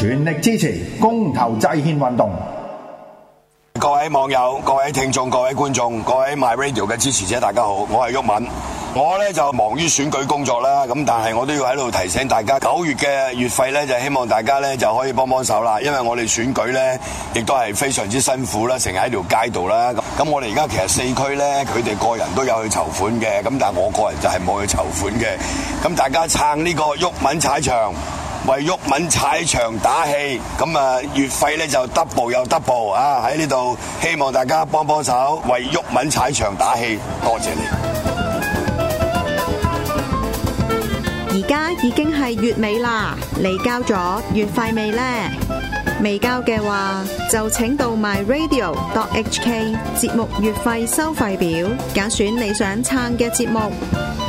全力支持公投制憲運動！各位網友、各位聽眾、各位觀眾、各位 My Radio 嘅支持者，大家好，我係毓民。我呢就忙於選舉工作啦，咁但係我都要喺度提醒大家，九月嘅月費呢，就希望大家呢就可以幫幫手啦，因為我哋選舉呢，亦都係非常之辛苦啦，成日喺條街度啦。咁我哋而家其實四區呢，佢哋個人都有去籌款嘅，咁但係我個人就係冇去籌款嘅。咁大家撐呢個毓民踩場。為玉文踩場打氣，咁啊月費咧就 double 又 double 啊！喺呢度希望大家幫幫手，為玉文踩場打氣，多謝你。而家已經係月尾啦，你交咗月費未呢？未交嘅話，就請到 myradio.hk 節目月費收費表，揀選你想撐嘅節目。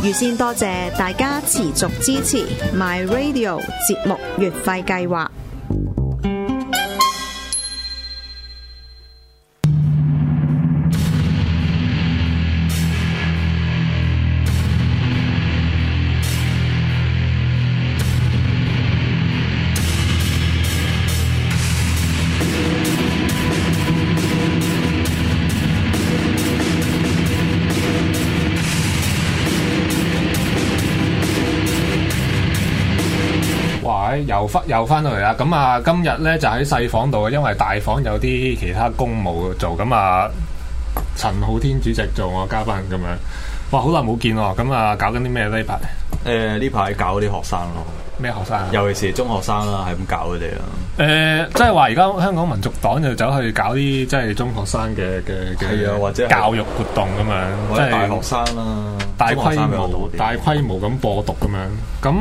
預先多謝大家持續支持 My Radio 節目月費計劃。又翻又翻到嚟啦！咁、嗯、啊，今日咧就喺細房度，因為大房有啲其他公務做。咁、嗯、啊，陳浩天主席做我嘉賓咁樣。哇，好耐冇見哦！咁、嗯、啊，搞緊啲咩呢排？誒、呃，呢排搞啲學生咯。咩學生啊？尤其是中學生啦、啊，係咁搞佢哋啦。誒、呃，即係話而家香港民族黨就走去搞啲即係中學生嘅嘅係啊，或者教育活動咁、啊、樣，即係大學生啦、啊，大規模、啊、大規模咁播獨咁樣。咁誒，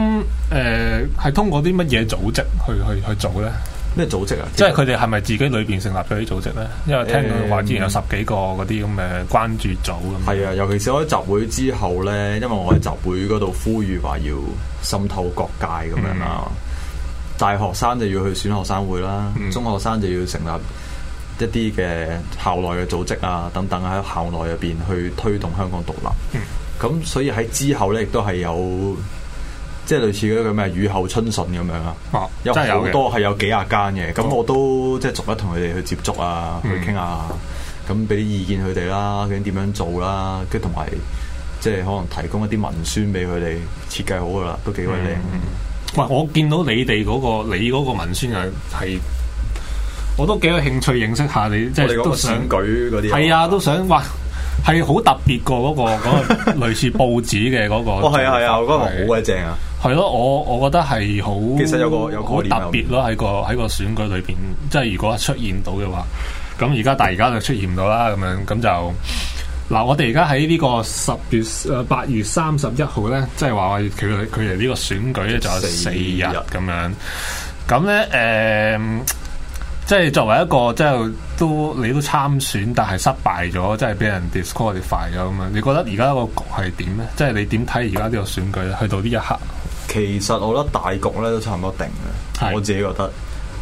係、呃、通過啲乜嘢組織去去去做咧？咩組織啊？即係佢哋係咪自己裏邊成立咗啲組織呢？因為聽到話之前有十幾個嗰啲咁嘅關注組咁。係啊，尤其是我喺集會之後呢，因為我喺集會嗰度呼籲話要滲透各界咁樣啦。嗯、大學生就要去選學生會啦，嗯、中學生就要成立一啲嘅校內嘅組織啊，等等喺校內入邊去推動香港獨立。咁、嗯嗯、所以喺之後呢，亦都係有。即係類似嗰個咩雨後春筍咁樣啊，有好多係有，有幾廿間嘅，咁、嗯、我都即係逐一同佢哋去接觸啊，去傾下，咁俾啲意見佢哋啦，究竟點樣做啦，跟同埋即係可能提供一啲文宣俾佢哋設計好噶啦，都幾鬼靚。嗯嗯、喂，我見到你哋嗰、那個你嗰個文宣係我都幾有興趣認識下你，即係都想舉嗰啲，係啊都想話。係好特別過嗰個，嗰、那個類似報紙嘅嗰個。 哦，係啊係啊，嗰個好鬼正啊！係咯，我我覺得係好、啊。其實有個有好特別咯喺個喺個選舉裏邊，即係如果出現到嘅話，咁而家但而家就出現到啦，咁樣咁就嗱，我哋而家喺呢個十月誒八月三十一號咧，即係話佢佢哋呢個選舉咧就有四日咁樣。咁咧誒。Uh, 即係作為一個，即係都你都參選，但係失敗咗，即係俾人 disqualify 咗咁樣！你覺得而家個局係點咧？即係你點睇而家呢個選舉咧？去到呢一刻，其實我覺得大局咧都差唔多定嘅，是的 我自己覺得。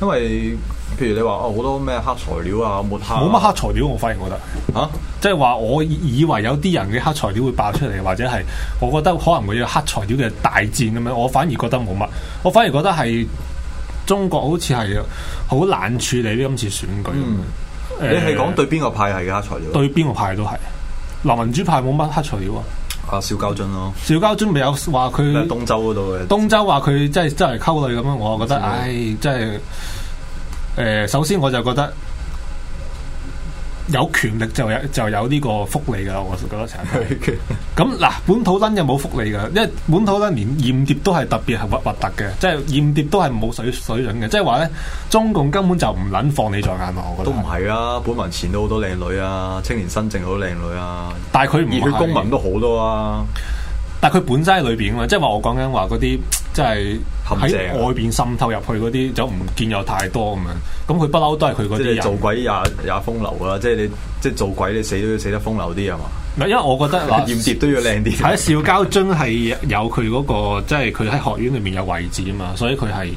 因為譬如你話哦，好多咩黑材料啊，抹黑、啊，冇乜黑材料。我反而我覺得，嚇、啊，即係話我以為有啲人嘅黑材料會爆出嚟，或者係我覺得可能會有黑材料嘅大戰咁樣，我反而覺得冇乜，我反而覺得係。中國好似係好難處理呢今次選舉。嗯欸、你係講對邊個派係黑材料？對邊個派系都係。民主派冇乜黑材料啊。邵家臻咯。邵家臻咪有話佢。東周嗰度嘅。東周話佢即係真係溝女咁咯，我覺得唉，真係。誒、呃，首先我就覺得。有權力就有就有呢個福利㗎，我覺得成日。咁嗱 Okay.，本土真又冇福利㗎，因為本土僆連驗牒都係特別係核核突嘅，即係驗牒都係冇水水準嘅，即係話咧中共根本就唔撚放你喺眼內，我覺得。都唔係啊，本民前都好多靚女啊，青年新政好多靚女啊，但係佢唔去公民都好多啊，但係佢本身喺裏邊啊嘛，即係話我講緊話嗰啲。即係喺外邊滲透入去嗰啲就唔見有太多咁樣，咁佢不嬲都係佢嗰啲人做鬼也也風流啊！即係你即係做鬼你死都要死得風流啲啊嘛！唔係因為我覺得話艷諜都要靚啲，喺邵高樽係有佢嗰個即係佢喺學院裏面有位置啊嘛，所以佢係。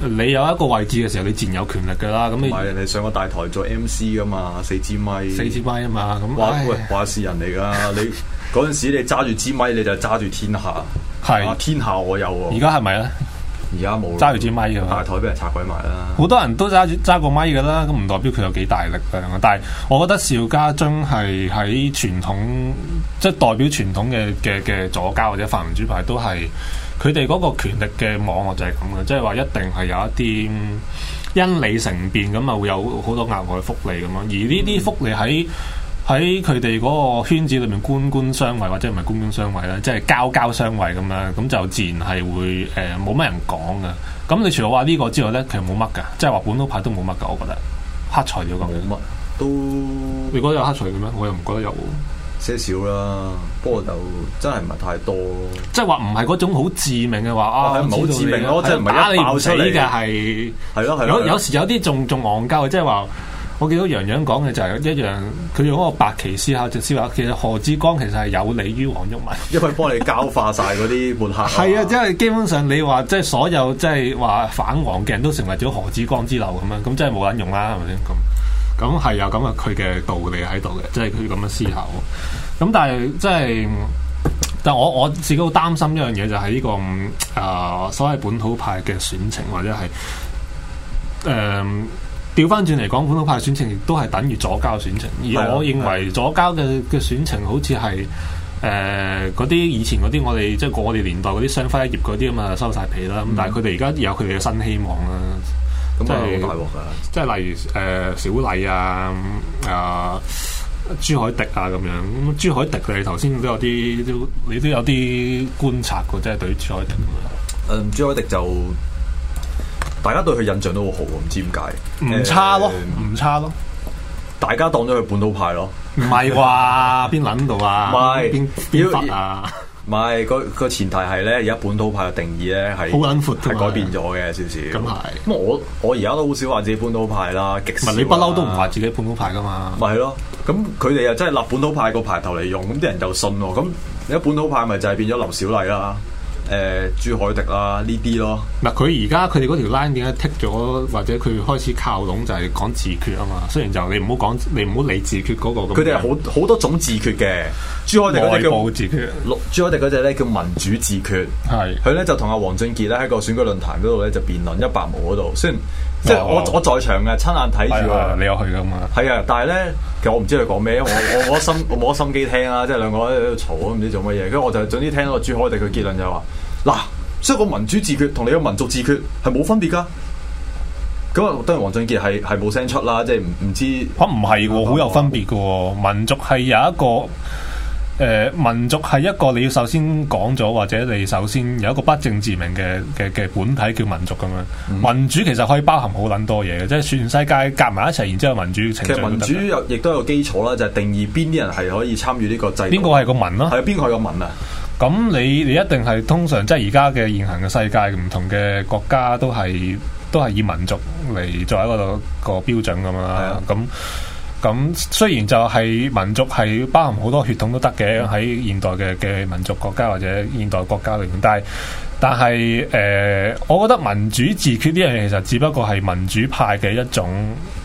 你有一個位置嘅時候，你自然有權力噶啦。咁你，咪人哋上個大台做 MC 噶嘛，四支咪，四支咪啊嘛。咁話哇、哎、呀喂，話事人嚟噶。 你嗰陣時你揸住支咪，你就揸住天下。係是，天下我有。而家係咪咧？ 而家冇揸住支咪啊嘛，大台俾人拆鬼埋啦！好多人都揸住揸個咪噶啦，咁唔代表佢有幾大力量嘛。但係我覺得邵家臻係喺傳統，即係代表傳統嘅嘅嘅左膠或者泛民主派都係佢哋嗰個權力嘅網絡就係咁嘅，即係話一定係有一啲因理成變咁啊，會有好多額外福利咁咯。而呢啲福利喺喺佢哋嗰個圈子裏面，官官相為或者唔係官官相為咧，即係交交相為咁樣，咁就自然係會誒冇乜人講嘅。咁你除咗話呢個之外咧，其實冇乜噶，即係話本土派都冇乜噶，我覺得黑材料咁冇乜都，你覺得有黑材料嘅咩？我又唔覺得有，些少啦。不過就真係唔係太多，即係話唔係嗰種好致命嘅話啊，好致命咯，即係唔係一爆出嘅係係咯係有有時有啲仲仲戇鳩，即係話。我見到楊洋講嘅就係一樣，佢用一個白旗思考，就思考。其實何志光其實係有利於黃毓民。 因為幫你膠化晒嗰啲門客。係啊，即係、 啊就是、基本上你話即係所有即係話反黃嘅人都成為咗何志光之流咁樣，咁真係冇卵用啦，係咪先咁？咁係啊，咁啊，佢嘅道理喺度嘅，即係佢咁樣思考。咁但係即係，但我我自己好擔心一樣嘢就係、是、呢、這個啊、呃，所謂本土派嘅選情或者係誒。呃調翻轉嚟講，本土派選情亦都係等於左交選情。而我認為左交嘅嘅選情好似係誒嗰啲以前嗰啲我哋即係我哋年代嗰啲商輝一葉嗰啲咁啊收晒皮啦。咁、嗯、但係佢哋而家有佢哋嘅新希望啦。咁、嗯就是、啊好大鑊噶！即係例如誒、呃、小麗啊，啊、呃、朱海迪啊咁樣。咁朱海迪佢哋頭先都有啲，都你都有啲觀察嘅啫，對於朱海迪。誒、嗯，朱海迪就。大家對佢印象都好好，唔知點解？唔差咯，唔差咯。大家當咗佢本土派咯，唔係啩？邊諗到啊？唔係邊邊法啊？唔係個個前提係咧，而家本土派嘅定義咧係好撚闊，係改變咗嘅少少。咁係。咁我我而家都好少話自己本土派啦，極少。你不嬲都唔話自己本土派噶嘛？咪係咯。咁佢哋又真係立本土派個牌頭嚟用，咁啲人就信喎。咁你本土派咪就係變咗劉小麗啦。誒、呃，朱凱迪啦呢啲咯，嗱佢而家佢哋嗰條 line 點解剔咗，或者佢開始靠攏就係講自決啊嘛，雖然就你唔好講，你唔好理自決嗰個佢哋係好好多種自決嘅，朱凱迪嗰隻叫自決，朱凱迪隻咧叫民主自決，係佢咧就同阿黃俊杰咧喺個選舉論壇嗰度咧就辯論一百毛嗰度先。雖然即係我我在場嘅，親眼睇住啊！你有去噶嘛？係啊，但係咧，其實我唔知佢講咩，我我冇得心我冇心機聽啦。即係兩個喺度嘈，都唔知做乜嘢。跟住我就總之聽到朱凱廸嘅結論就話：嗱，所以個民主自決同你嘅民族自決係冇分別噶。咁啊，當然王俊傑係係冇聲出啦，即係唔唔知。啊，唔係，好有分別噶，哦，我民族係有一個。誒、呃，民族係一個你要首先講咗，或者你首先有一個不證自明嘅嘅嘅本體叫民族咁樣。嗯、民主其實可以包含好撚多嘢嘅，即係全世界夾埋一齊，然之後民主。其實民主亦都有個基礎啦，就係、是、定義邊啲人係可以參與呢個制度。邊個係個民咯？係邊個係個民啊？咁、啊嗯、你你一定係通常即係而家嘅現行嘅世界，唔同嘅國家都係都係以民族嚟作為一個標準咁樣啦。咁的咁雖然就係民族係包含好多血統都得嘅，喺現代嘅嘅民族國家或者現代國家裏面，但係但係誒、呃，我覺得民主自決呢樣嘢，其實只不過係民主派嘅一種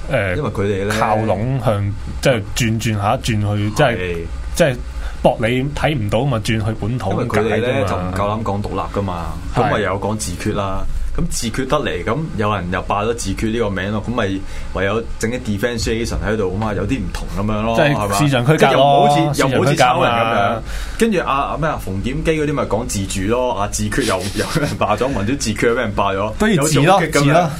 誒，呃、因為佢哋靠攏向即係、就是、轉轉下轉去，即係即係搏你睇唔到嘛，轉去本土佢哋咧就唔夠膽講獨立噶嘛，咁咪的有講自決啦。咁自決得嚟，咁有人又霸咗自決呢個名咯，咁咪唯有整啲 definition 喺度啊嘛，有啲唔同咁樣咯，係、就是、吧？市場規格，市場區隔咯，即又好似又好似抄人咁樣。跟住阿阿咩啊，馮檢基嗰啲咪講自主咯，阿自決又有人霸咗， 民主自決 有咩人霸咗？都有主咯，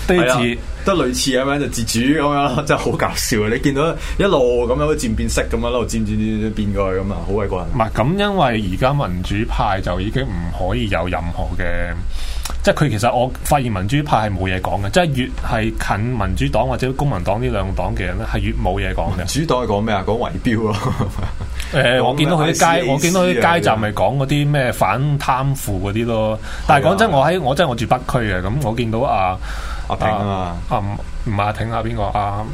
都係了 類似咁樣就自主咁樣， 真係好搞笑啊！你見到一路咁樣漸變色咁樣，一路漸漸漸變過去咁啊，好鬼怪！唔係咁，因為而家民主派就已經唔可以有任何嘅。即係佢其實我發現民主派係冇嘢講嘅，即係越係近民主黨或者公民黨呢兩個黨嘅人咧，係越冇嘢講嘅。民主黨係講咩啊？講圍標咯。誒，我見到佢啲街，我見到啲街站咪講嗰啲咩反貪腐嗰啲咯。但係講真，我喺我真係我住北區嘅，咁我見到阿阿挺啊，阿唔唔係阿挺啊，邊個啊？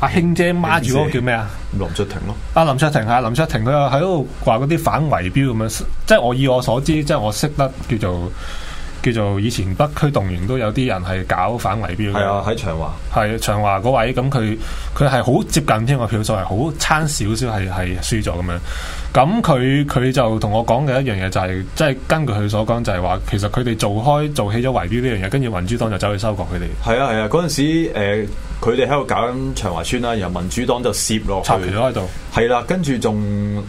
阿興姐孖住嗰個叫咩啊？林卓廷咯。阿林卓廷係林卓廷，佢喺度話嗰啲反圍標咁樣，即係我以我所知，即係我識得叫做。叫做以前北區動員都有啲人係搞反圍標嘅，係啊，喺長華，係長華嗰位咁佢佢係好接近添，個票數係好差少少係係輸咗咁樣，咁佢佢就同我講嘅一樣嘢就係，即係根據佢所講就係話其實佢哋做開做起咗圍標呢樣嘢，跟住民主黨就走去收割佢哋。係啊係啊嗰陣時、呃佢哋喺度搞緊長華村啦，然後民主黨就攝落除咗喺度，係啦，跟住仲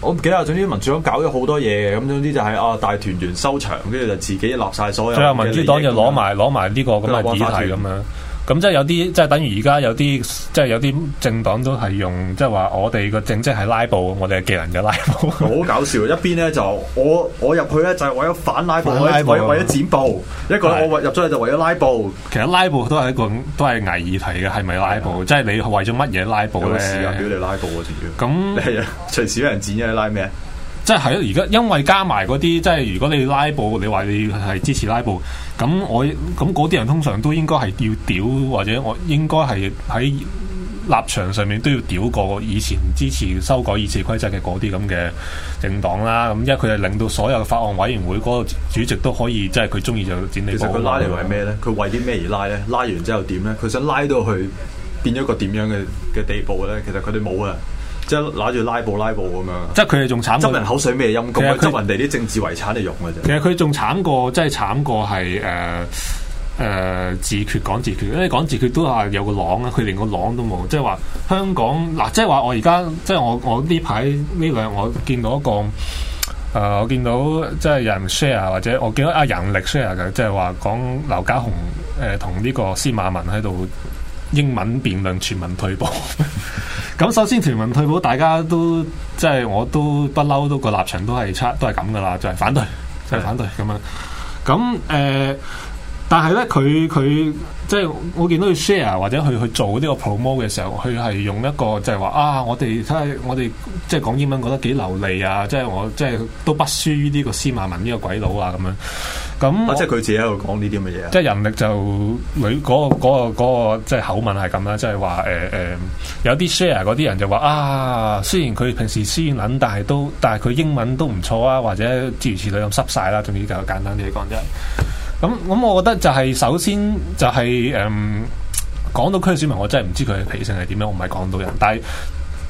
我唔記得啦。總之民主黨搞咗好多嘢嘅，咁總之就係啊大團圓收場，跟住就自己立晒所有。最後民主黨就攞埋攞埋呢個咁嘅議題咁樣。咁即係有啲，即係等於而家有啲，即係有啲政黨都係用，即係話我哋個政績係拉布，我哋嘅技能嘅拉布。好搞笑，， 一邊咧就我我入去咧就係為咗反拉布，拉布為咗剪布；是一個咧我入咗去就為咗拉布。其實拉布都係一個都係偽議題嘅，係咪拉布？即係嗎你為咗乜嘢拉布咧？時間、啊、表嚟拉布嘅主要。咁 那 隨時有人剪你拉咩？即係咯，而家因為加埋嗰啲，即係如果你拉布，你話你係支持拉布，咁我咁嗰啲人通常都應該係要屌，或者我應該係喺立場上面都要屌過以前支持修改議事規則嘅嗰啲咁嘅政黨啦。咁一佢係令到所有法案委員會嗰個主席都可以，即係佢中意就剪你。其實佢拉嚟為咩呢？佢、嗯、為啲咩而拉呢？拉完之後點呢？佢想拉到去變咗個點樣嘅嘅地步呢？其實佢哋冇啊。即係攞住拉布拉布咁樣，即係佢哋仲慘，執人口水咩陰功啊？執人哋啲政治遺產嚟用嘅啫。其實佢仲慘過，即係慘過係誒誒自決講自決，因為講自決都係有個廊，就是、啊，佢連個廊都冇。即係話香港嗱，即係話我而家即係我我呢排呢兩我見到一個誒、呃，我見到即係有人 share 或者我見到阿人力 share 嘅，即係話講劉家雄誒同呢個司馬文喺度英文辯論全民退保。 咁首先全民退保，大家都即係我都不嬲，都個立場都係差，都係咁噶啦，就係、是、反對，就係、是、反對咁是的 樣咁誒。但係咧，佢佢即係我見到佢 share 或者佢去做呢個 promo 嘅時候，佢係用一個即係話啊，我哋睇、啊、我哋即係講英文，覺得幾流利啊！即、就、係、是、我即係、就是、都不輸於呢個司馬文呢個鬼佬啊！咁樣咁，即係佢自己喺度講呢啲咁嘅嘢。即係、就是、人力就嗰、那個嗰、那個即係、那個那個就是、口吻係咁啦，即係話誒誒，有啲 share 嗰啲人就話啊，雖然佢平時思諗，但係都但係佢英文都唔錯啊，或者諸如此類咁濕晒啦，總之就簡單啲講啫。 咁咁、嗯嗯，我覺得就係首先就係、是、誒、嗯、講到區選民，我真係唔知佢嘅脾性係點樣。我唔係講到人，但係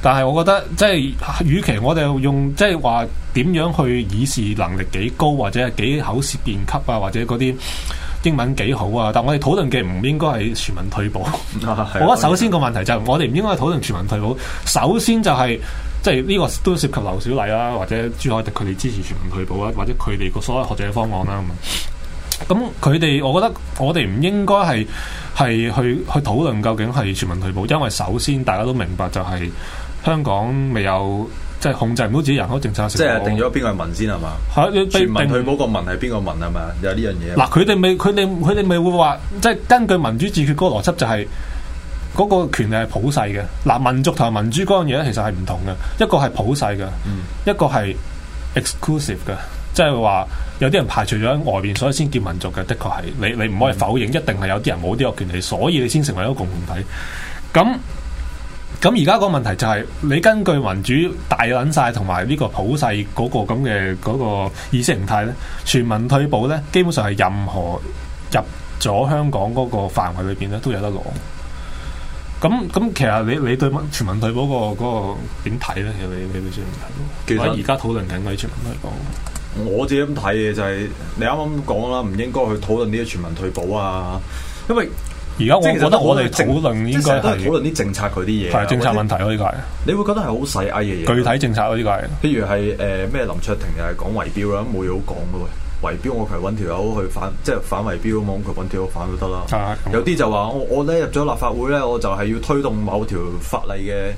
但係，我覺得即係，與其我哋用即係話點樣去以示能力幾高，或者係幾口舌便給啊，或者嗰啲英文幾好啊，但我哋討論嘅唔應該係全民退保。啊、我覺得首先個問題就係我哋唔應該討論全民退保。首先就係、是、即係呢個都涉及劉小麗啦、啊，或者朱凱迪佢哋支持全民退保啊，或者佢哋個所謂學者方案啦、啊、咁。 咁佢哋，我覺得我哋唔應該係係去去討論究竟係全民退保，因為首先大家都明白就係香港未有即係、就是、控制唔到自己人口政策，即係定咗邊個民先係嘛？啊、全民退保個民係邊個民係嘛？有呢樣嘢。嗱佢哋未，佢哋佢哋咪會話，即係根據民主自決嗰個邏輯、就是，就係嗰個權利係普世嘅。嗱民族同埋民主嗰樣嘢其實係唔同嘅，一個係普世嘅，嗯、一個係 exclusive 嘅。即係話有啲人排除咗喺外邊，所以先叫民族嘅，的確係你你唔可以否認，一定係有啲人冇呢個權利，所以你先成為一個共同體。咁咁而家個問題就係，你根據民主大捻晒同埋呢個普世嗰個咁嘅嗰個意識形態咧，全民退保咧，基本上係任何入咗香港嗰個範圍裏邊咧，都有得攞。咁咁其實你你對全民退保，嗰個嗰個點睇咧？有冇你你啲問題？其實而家討論緊嘅全民退保。得我自己咁睇嘅就係、是，你啱啱講啦，唔應該去討論呢啲全民退保啊，因為而家我覺得我哋討論應該都係討論啲政策佢啲嘢，係政策問題咯呢個係。你會覺得係好細微嘅嘢，具體政策咯呢個係。譬如係誒咩林卓廷又係講圍標啦，冇嘢好講噶喎。圍標我求其搵條友去反，即係反圍標咁樣，佢搵條友反都得啦。的有啲就話我我咧入咗立法會咧，我就係要推動某條法例嘅。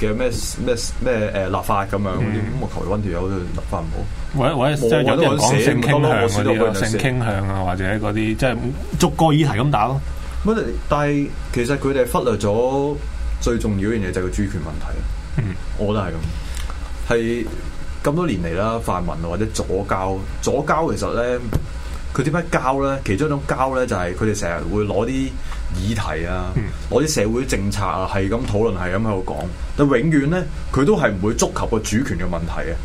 嘅咩咩咩誒立法咁樣咁，嗯、我台灣條友嘅立法唔好，或者或者即係引人寫唔同我寫到佢嘅性傾向啊，或者嗰啲即係逐個議題咁打咯。乜？但係其實佢哋忽略咗最重要一樣嘢，就係個主權問題。嗯，我都係咁。係咁多年嚟啦，泛民或者左膠左膠，其實咧佢點解膠咧？其中一種膠咧就係佢哋成日會攞啲。議題啊，我啲、嗯、社會政策啊，係咁討論，係咁喺度講，但永遠呢，佢都係唔會觸及個主權嘅問題啊。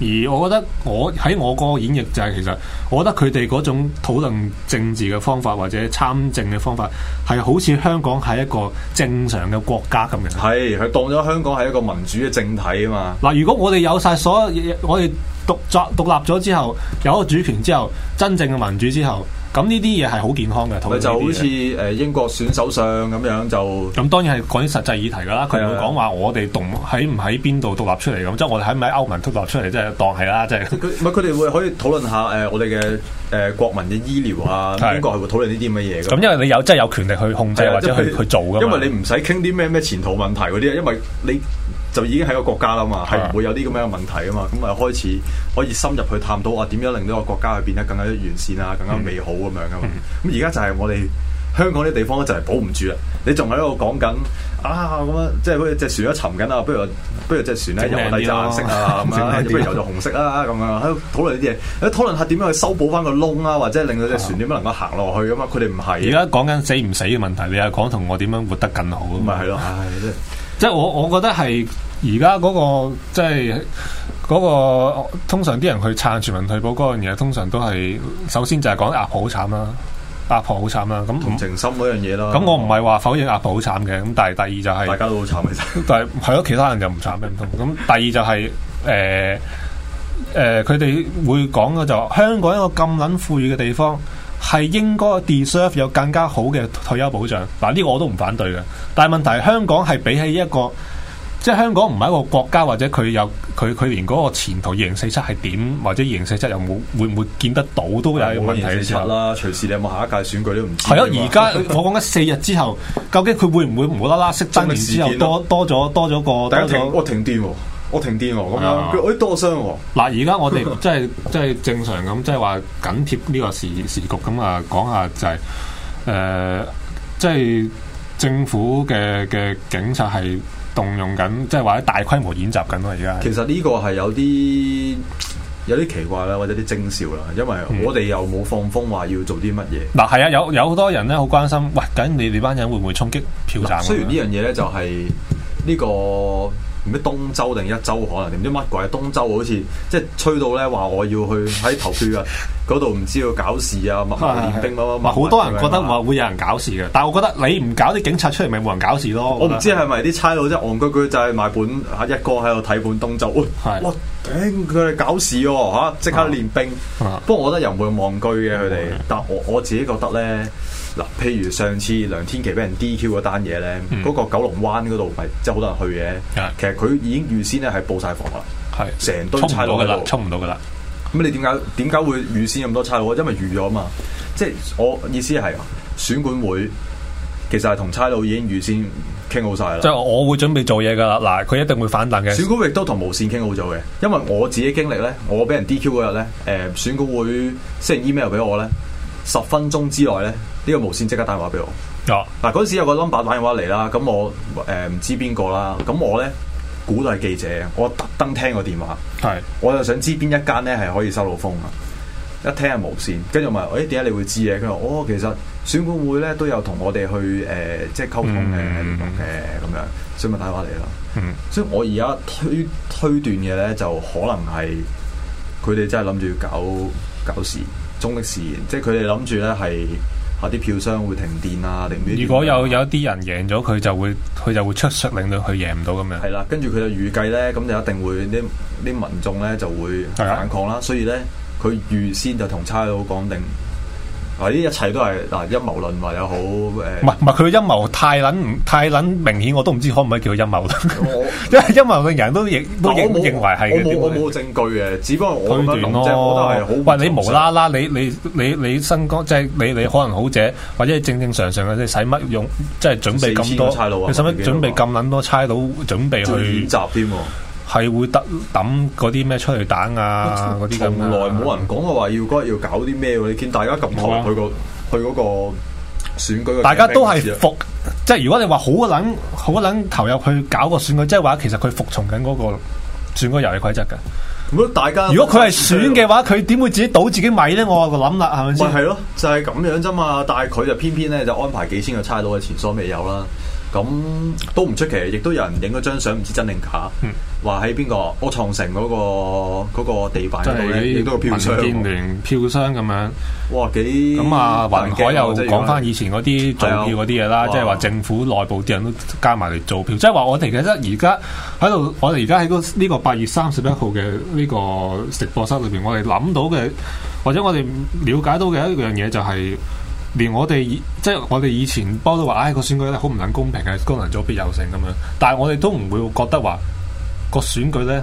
而我覺得，我喺我個演繹就係、是、其實，我覺得佢哋嗰種討論政治嘅方法或者參政嘅方法，係好似香港係一個正常嘅國家咁樣。係，佢當咗香港係一個民主嘅政體啊嘛。嗱，如果我哋有晒所有，有我哋獨作獨立咗之後，有個主權之後，真正嘅民主之後。咁呢啲嘢係好健康嘅，同論就好似誒英國選手上咁樣就咁，當然係講啲實際議題噶啦。佢唔會講話我哋獨喺唔喺邊度獨立出嚟咁，即係的我哋喺唔喺歐盟獨立出嚟，即係當係啦，即、就、係、是。佢哋會可以討論下誒我哋嘅誒國民嘅醫療啊？ 英國係會討論呢啲乜嘢嘅？咁因為你有真係、就是、有權力去控制或者去的因為 去做噶，因為你唔使傾啲咩咩前途問題嗰啲，因為你。就已經係個國家啦嘛，係唔會有啲咁樣嘅問題啊嘛，咁啊對、嗯、開始可以深入去探討啊點樣令到個國家去變得更加完善啊，更加美好咁樣啊嘛。咁而家就係我哋香港啲地方就係保唔住啦。你仲喺度講緊啊咁樣，即係好似隻船咧沉緊啊，不如不如隻船咧有第二隻顏色啊點點，不如有咗紅色啊咁樣喺度討論呢啲嘢，討論，討論下點樣去修補翻個窿啊，或者令到隻船點樣能夠行落去咁啊？佢哋唔係而家講緊死唔死嘅問題，你係講同我點樣活得更好咁咪係咯？對對即係我，我覺得係而家嗰個即係嗰、嗰個通常啲人去撐全民退保嗰樣嘢，通常都係首先就係講阿婆好慘啦，阿婆好慘啦。咁同情心嗰樣嘢咯。咁我唔係話否認阿婆好慘嘅，咁但係第二就係、係、大家都好慘嘅。但係係咯，其他人就唔慘嘅。唔同。咁第二就係誒誒，佢、呃、哋、呃、會講嘅就係、香港一個咁撚富裕嘅地方。係應該 deserve 有更加好嘅退休保障，嗱、這、呢個我都唔反對嘅。但係問題香港係比起一個，即係香港唔係一個國家，或者佢有佢佢連嗰個前途2047係點，或者2047又冇會唔會見得到，都有問題。啦，隨時你有冇下一屆選舉都唔知係啊！而家我講緊四日之後， 究竟佢會唔會無啦啦息增完之後多多咗多咗個，但係停我、哦我停電喎，咁、嗯、樣佢、哎、多聲喎、啊。嗱、就是，而家我哋即係即係正常咁，即係話緊貼呢個時時局咁啊，講下就係、是、誒，即、呃、係、就是、政府嘅嘅警察係動用緊，即係話啲大規模演習緊咯、啊。而家其實呢個係有啲有啲奇怪啦，或者啲徵兆啦，因為我哋又冇放風話要做啲乜嘢。嗱、嗯，係啊，有有好多人咧好關心，喂，緊你哋班人會唔會衝擊票站？雖然呢樣嘢咧就係呢、這個。唔知東周定一周可能，唔知乜鬼？東周好似即係吹到咧，話我要去喺投票日嗰度唔知要搞事啊，默默練兵咯。好 多人覺得咪會有人搞事嘅， 但係我覺得你唔搞啲警察出嚟，咪冇人搞事咯。我唔知係咪啲差佬即係戇居居就係買本一哥喺度睇本東周，哇！頂佢哋搞事喎、啊、吓、啊、即刻練兵。不過的我覺得又唔會戇居嘅佢哋，的的但我的但我自己覺得咧。嗱，譬如上次梁天琦俾人 DQ 嗰單嘢咧，嗰、嗯、個九龍灣嗰度咪即係好多人去嘅，嗯、其實佢已經預先咧係報晒房啦，係成堆差佬嘅啦，衝唔到嘅啦。咁你點解點解會預先咁多差佬？因為預咗啊嘛，即係我意思係選管會，其實係同差佬已經預先傾好晒啦。即係我我會準備做嘢噶啦，嗱，佢一定會反彈嘅。選管亦都同無線傾好咗嘅，因為我自己經歷咧，我俾人 DQ 嗰日咧，誒、呃，選管會 send email 俾我咧，十分鐘之內咧。呢個無線即刻打電話俾我。嗱、啊，嗰、啊、時有個 number 打電話嚟啦，咁我誒唔、呃、知邊個啦，咁我咧估到係記者，我特登聽個電話，係是，我就想知邊一間咧係可以收到風啊。一聽係無線，跟住問，誒點解你會知嘅？佢話哦，其實選管會咧都有同我哋去誒、呃、即係溝通嘅聯絡嘅咁樣，所以咪打電話嚟啦。嗯、所以我而家推推斷嘅咧就可能係佢哋真係諗住搞搞事，中立事即係佢哋諗住咧係。就是啊！啲票箱會停電啊，定、啊、如果有、啊、有啲人贏咗，佢就會佢就會出術令到佢贏唔到咁樣。係啦，跟住佢就預計呢，咁就一定會啲啲民眾呢就會反抗啦。是的 所以呢，佢預先就同差佬講定。呢一切都係嗱，陰謀論話又好，誒，唔係唔係佢嘅陰謀太捻唔太捻明顯，我都唔知可唔可以叫佢陰謀咯。我因為陰謀嘅人都認都認認為係嘅。冇我冇證據嘅，只不過我推斷咯。哦、我喂，你無啦啦，你你你你，你身高即係你你，你可能好者，或者正正常常嘅，你使乜用，用即係準備咁多？4, 猜，你使乜準備咁捻多差佬準備去？集添。係會得抌嗰啲咩出去彈啊，嗰啲咁啊。從來冇人講過話要嗰要搞啲咩，你見大家咁投去個、啊、去嗰個選舉。大家都係服，即係如果你話好捻好捻投入去搞個選舉，即係話其實佢服從緊嗰個選舉遊戲規則噶。如果大家如果佢係選嘅話，佢點會自己倒自己米咧？我諗啦，係咪先？咪係咯，就係咁樣啫嘛。但係佢就偏偏咧就安排幾千個差佬嘅前所未有啦。咁都唔出奇，亦都有人影咗張相，唔知真定假。嗯話喺邊個？我長城嗰個、嗰個地板度咧，亦都票商。雲健聯票商咁樣，哇，幾咁啊！雲海又講返以前嗰啲做票嗰啲嘢啦，即係話政府內部啲人都加埋嚟做票，即係話我哋其實而家喺度，我哋而家喺呢個八月三十一號嘅呢個直播室裏邊，我哋諗到嘅或者我哋了解到嘅一樣嘢、就是，就係、是、連我哋即係我哋以前都到話，唉、哎，個選舉好唔撚公平嘅，功能組別有剩咁樣，但係我哋都唔會覺得話。個選舉咧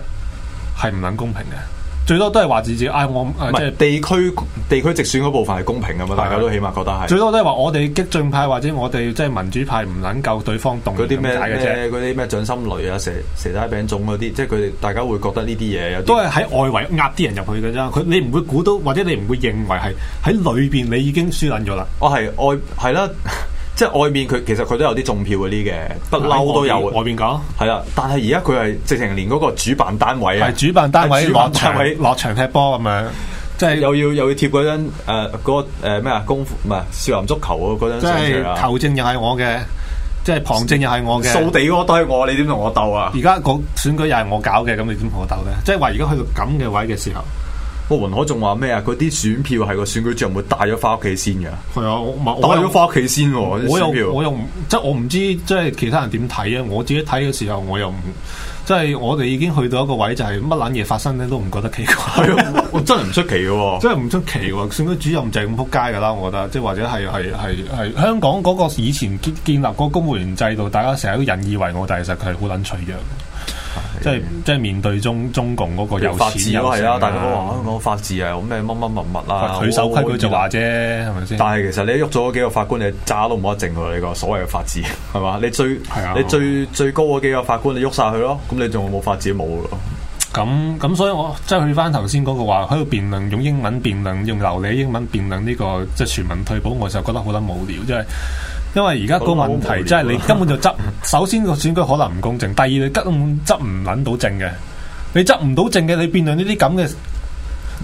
係唔撚公平嘅，最多都係話自己，哎我唔，唔係地區地區直選嗰部分係公平嘅嘛。對 大家都起碼覺得係，對 最多都係話我哋激進派或者我哋即係民主派唔撚夠對方動，嗰啲咩咩啲咩掌心雷啊蛇蛇胎餅種嗰啲，即係佢哋大家會覺得呢啲嘢，都係喺外圍壓啲人入去嘅啫。佢你唔會估到，或者你唔會認為係喺裏邊你已經輸撚咗啦。我係、啊、外係啦。 即係外面佢其實佢都有啲中票嗰啲嘅，不嬲都有。外面講係啦，但係而家佢係直情連嗰個主辦單位係，主辦單位落場踢波咁樣，即係又要又要貼嗰張誒嗰個誒咩啊功夫唔係少林足球嗰張，即係球證又係我嘅，即係旁證又係我嘅，掃地嗰個都係我，你點同我鬥啊？而家個選舉又係我搞嘅，咁你點同我鬥咧？即係話而家去到咁嘅位嘅時候。個、哦、雲海仲話咩啊？嗰啲選票係個選舉主任會帶咗翻屋企先嘅。係啊，我帶咗翻屋企先喎。我又我又唔即係我唔、就是、知即係其他人點睇啊！我自己睇嘅時候，我又唔即係我哋已經去到一個位，就係乜撚嘢發生咧都唔覺得奇怪。啊、 我，我真係唔出奇嘅、啊， 真係唔出奇嘅、啊。選舉主任就係咁撲街嘅啦，我覺得即係或者係係係係香港嗰個以前建立個公務員制度，大家成日都引以為傲，但其實佢係好撚脆弱。即係即係面對中中共嗰個有法治都係善啊！大家都話香港法治啊，咁咩乜乜物物啊，佢守規矩就話啫，係咪先？是是但係其實你喐咗幾個法官，你渣都冇得淨喎！呢個所謂嘅法治係嘛？你最、啊、你最、啊、最高嗰幾個法官，你喐晒佢咯，咁你仲冇法治冇咯？咁咁、嗯嗯嗯、所以我即係去翻頭先嗰個話，喺度辯論用英文辯論，用，用流利英文辯論呢、這個即係、就是、全民退保，我就覺得好得冇聊，即、就、係、是。就是因為而家個問題，即係你根本就執， 首先個選舉可能唔公正，第二你根本執唔揾到證嘅，你執唔到證嘅，你變咗呢啲咁嘅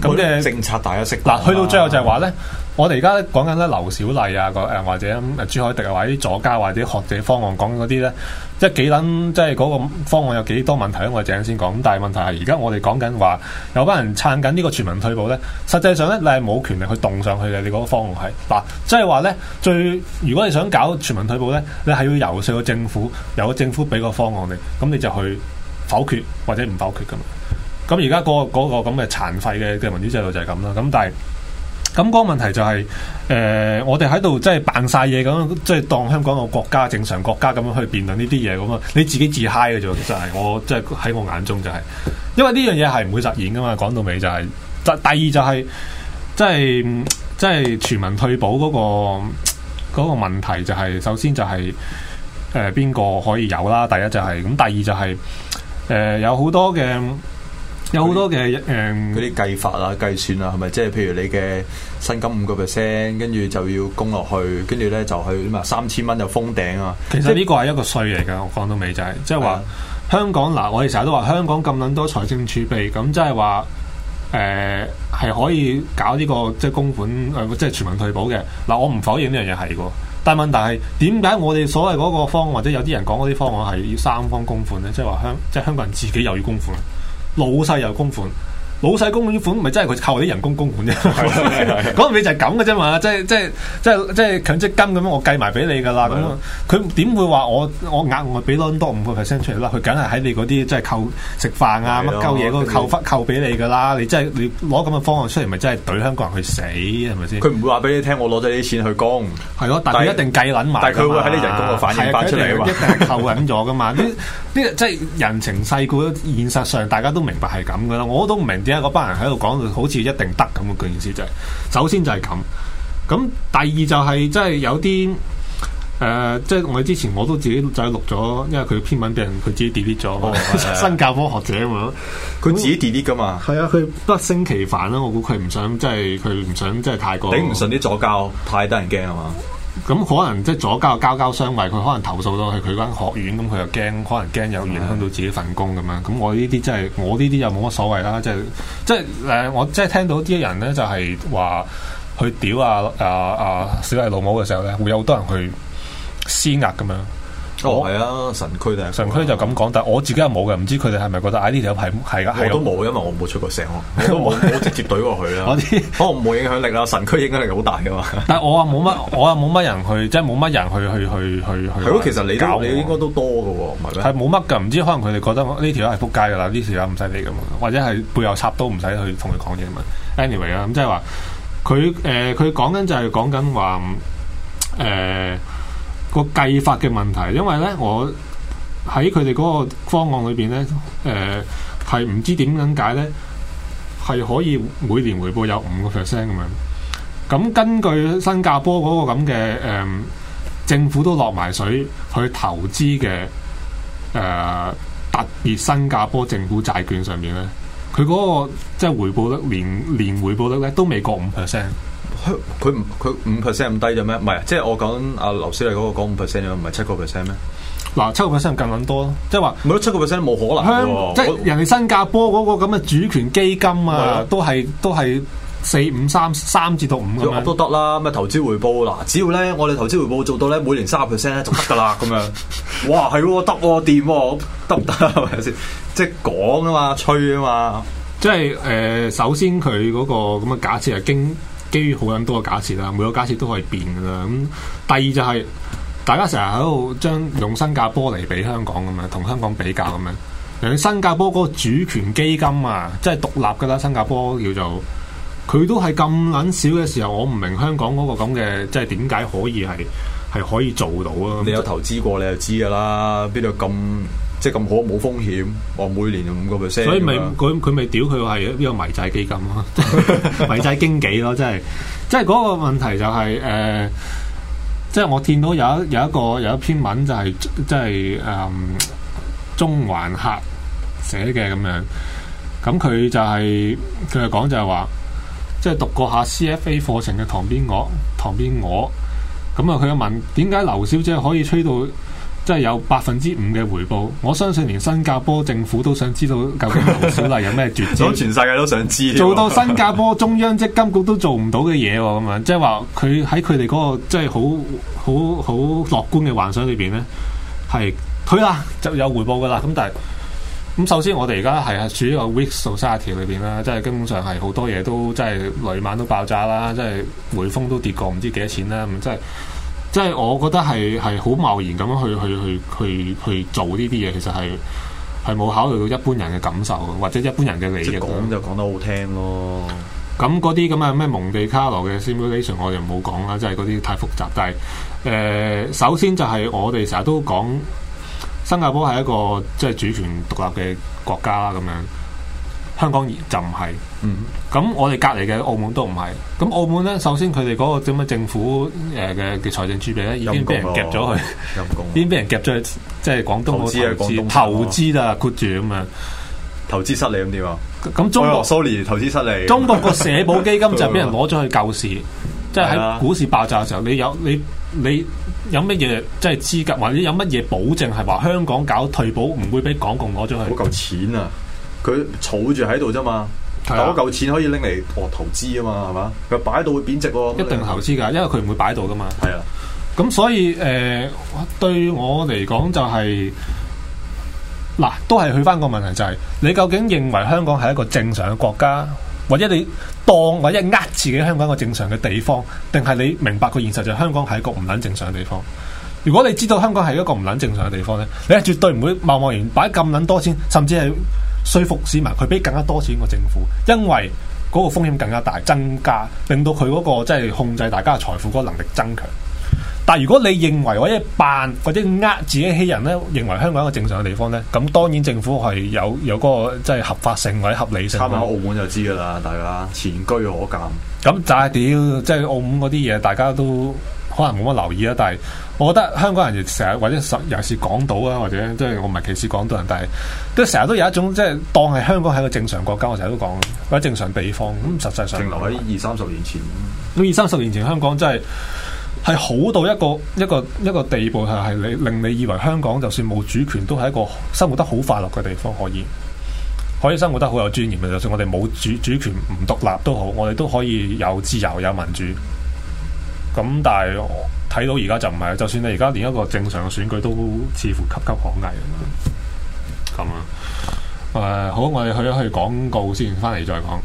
咁嘅政策大家識嗱， 去到最後就係話咧。我哋而家講緊咧，劉小麗啊，個或者朱凱迪啊，或者左家或者學者方案講嗰啲咧，即係幾撚，即係嗰個方案有幾多問題咧？我哋陣先講。但係問題係而家我哋講緊話有班人撐緊呢個全民退保咧，實際上咧你係冇權力去動上去嘅。你嗰個方案係嗱，即係話咧，最如果你想搞全民退保咧，你係要遊說個政府，由政府俾個方案你，咁你就去否決或者唔否決噶嘛。咁而家個嗰個咁嘅殘廢嘅嘅民主制度就係咁啦。咁但係，咁個問題就係、是，誒、呃，我哋喺度即係扮晒嘢咁，即係當香港個國家正常國家咁樣去辯論呢啲嘢咁啊！你自己自嗨嘅啫，就係、是、我即係喺我眼中就係、是，因為呢樣嘢係唔會實現㗎嘛。講到尾就係、是，第二就係、是，即係即係全民退保嗰、那個嗰、那個問題就係、是，首先就係誒邊個可以有啦。第一就係、是、咁，第二就係、是、誒、呃、有好多嘅有好多嘅誒啲計法啊、計算啊，係咪即係譬如你嘅？薪金五個 percent，跟住就要供落去，跟住咧就去啲三千蚊就封頂啊！其實呢個係一個稅嚟噶，我講到尾就係即係話香港嗱，哎、呀我哋成日都話香港咁捻多財政儲備，咁即係話誒係可以搞呢、這個即係公款即係、呃就是、全民退保嘅嗱、呃，我唔否認呢樣嘢係噶，但係問題係點解我哋所謂嗰個方案，或者有啲人講嗰啲方案係要三方供款呢？即係話香即係、就是、香港人自己又要供款，老細又供款。老細供款，唔係真係佢扣啲人工供款啫。嗰味就係咁嘅啫嘛，即係即係即係即係強積金咁樣，我計埋俾你噶啦。咁佢點會話我我額外俾多五 percent 出嚟咧？佢梗係喺你嗰啲即係扣食飯啊乜鳩嘢嗰個扣翻扣俾你噶啦。你真係你攞咁嘅方案出嚟，咪真係懟香港人去死係咪先？佢唔會話俾你聽，我攞咗啲錢去供。係咯，但佢一定計捻埋。但佢會喺你人工個反映返出嚟，一定扣捻咗噶嘛？呢呢即係人情世故，現實上大家都明白係咁噶啦。我都唔明。嗰班人喺度講，好似一定得咁嘅意思，就係首先就係咁。咁第二就係即係有啲誒，即係、呃、我哋之前我都自己就係錄咗，因為佢篇文俾人佢自己 delete 咗、哦、 新教科學者咁樣，佢自己 delete 噶嘛。係啊，佢不勝其煩啦。我估佢唔想，即係佢唔想，即係太過頂唔順啲左膠，太得人驚係嘛？咁可能即係左交交交相位，佢可能投訴到去佢間學院，咁佢又驚，可能驚有影響到自己份工咁樣。咁的我呢啲真係，我呢啲又冇乜所謂啦、就係。即係即係誒，我即係聽到啲人咧，就係、係、話去屌啊啊啊小麗老母嘅時候咧，會有好多人去施壓咁樣。係啊，神區神區就咁講，但係我自己又冇嘅，唔知佢哋係咪覺得呢條友係都冇，因為我冇出過聲，我都冇直接懟過佢啦。我唔冇影響力啦，神區影響力好大噶嘛。但係我話冇乜，我話冇乜人去，即係冇乜人去去去去去。其實你教你應該都多嘅喎，係冇乜㗎，唔知可能佢哋覺得呢條友係撲街㗎啦，呢條友唔使理㗎嘛，或者係背後插刀唔使去同佢講嘢嘛。Anyway 啦，咁即係話佢誒佢講緊就係講緊話誒。個計法嘅問題，因為咧我喺佢哋嗰個方案裏邊咧，誒係唔知點解咧，係可以每年回報有五個 percent 咁樣。咁根據新加坡嗰個咁嘅，誒、嗯、政府都落埋水去投資嘅，誒、呃、特別新加坡政府債券上面咧，佢嗰個即係回報率年年回報率咧都未過五 percent。佢唔佢五 percent 咁低啫咩？唔係，即係我講阿劉思麗嗰個講五 percent 唔係七個 percent 咩？嗱，七個 percent 更咁多咯，即係話冇咯，七個 percent 冇可能嘅喎，即係人哋新加坡嗰個咁嘅主權基金啊是的，都係都係四五三三至到五咁都得啦，咁咪投資回報嗱，只要咧我哋投資回報做到咧每年三十 percent 咧就得噶啦咁樣，哇係得掂，得唔得係咪先？啊啊行行啊、 即係講啊嘛，吹啊嘛，即係誒、呃，首先佢嗰、那個咁嘅假設係經。基於好撚多個假設啦，每個假設都可以變噶啦。咁第二就係、是、大家成日喺度將用新加坡嚟比香港咁樣，同香港比較咁樣。人哋新加坡嗰個主權基金啊，即係獨立噶啦，新加坡叫做佢都係咁撚少嘅時候，我唔明香港嗰個咁嘅，即係點解可以係係可以做到啊？你有投資過，你就知噶啦，邊度咁～即係咁好冇風險，我每年就五個 percent。所以咪佢佢咪屌佢話邊個迷債基金咯， 迷債經紀咯，真係，即係嗰個問題就係誒，即係我見到有有一個有一篇文就係，即係誒，中環客寫嘅咁樣，咁佢就係佢係講就係話，即係讀過下 CFA 課程嘅旁邊我，旁邊我。咁啊佢又問點解劉小姐可以吹到？即係有百分之五嘅回報，我相信連新加坡政府都想知道究竟胡小麗有咩絕招，咁全世界都想知， 做到新加坡中央積金局都做唔到嘅嘢，咁樣即係話佢喺佢哋嗰個即係好好好樂觀嘅幻想裏邊呢，係推啦就有回報噶啦。咁但係咁首先我哋而家係係處於個 wicks society 裏邊啦，即係基本上係好多嘢都即係雷曼都爆炸啦，即係匯豐都跌過唔知幾多錢啦，咁即係。即係我覺得係係好貿然咁樣去去去去去做呢啲嘢，其實係係冇考慮到一般人嘅感受，或者一般人嘅利益。講就講得好聽咯。咁嗰啲咁嘅咩蒙地卡羅嘅 simulation，我就冇講啦，即係嗰啲太複雜。但係誒、呃，首先就係我哋成日都講新加坡係一個即係、就是、主權獨立嘅國家咁樣。香港就唔係，咁、嗯、我哋隔籬嘅澳門都唔係。咁澳門咧，首先佢哋嗰個點樣政府誒嘅財政儲備咧，已經俾人夾咗去。已經俾人夾咗去，即係廣東投資啊，投住咁啊，投資失利咁點啊？咁中國蘇聯、哎、投資失利， 中國個社保基金就俾人攞咗去救市，啊、即係喺股市爆炸嘅時候，你有你你，你有乜嘢即係資格，或者有乜嘢保證係話香港搞退保唔會俾港共攞咗去？嗰嚿錢啊！佢儲住喺度啫嘛，但嚿錢可以拎嚟哦投資啊嘛，係嘛？佢擺到度會貶值，啊，一定投資噶，因為佢唔會擺到度噶嘛。係啊、嗯，咁的所以誒、呃，對我嚟講就係、是、嗱，都係去翻個問題、就是，就係你究竟認為香港係一個正常嘅國家，或者你當或者呃自己香港一個正常嘅地方，定係你明白個現實就係香港係一個唔捻正常嘅地方？如果你知道香港係一個唔捻正常嘅地方咧，你係絕對唔會貿貿然擺咁捻多錢，甚至係。說服市民佢俾更加多錢個政府，因為嗰個風險更加大，增加令到佢嗰、那個即係、就是、控制大家財富嗰個能力增強。但如果你認為或者扮或者呃自己欺人呢，認為香港係一個正常嘅地方呢，咁當然政府係有有嗰、那個即係、就是、合法性或者合理性。參喺澳門就知噶啦，大家前車可鑒。咁就係屌，即係澳門嗰啲嘢，大家都。可能冇乜留意啦，但係，我覺得香港人亦成日或者尤其是港島啊，或者，或者即係我唔係歧視港島人，但係都成日都有一種即係當係香港係一個正常國家，我成日都講，或者正常地方。咁實際上停留喺二三十年前，咁、嗯、二三十年前香港真係係好到一個一個一個地步係、係、你令你以為香港就算冇主權都係一個生活得好快樂嘅地方，可以可以生活得好有尊嚴嘅，就算我哋冇主主權唔獨立都好，我哋都可以有自由有民主。咁但係睇到而家就唔係，就算你而家連一個正常嘅選舉都似乎岌岌可危咁、嗯、啊！咁啊、呃，誒好，我哋去一去廣告先，翻嚟再講。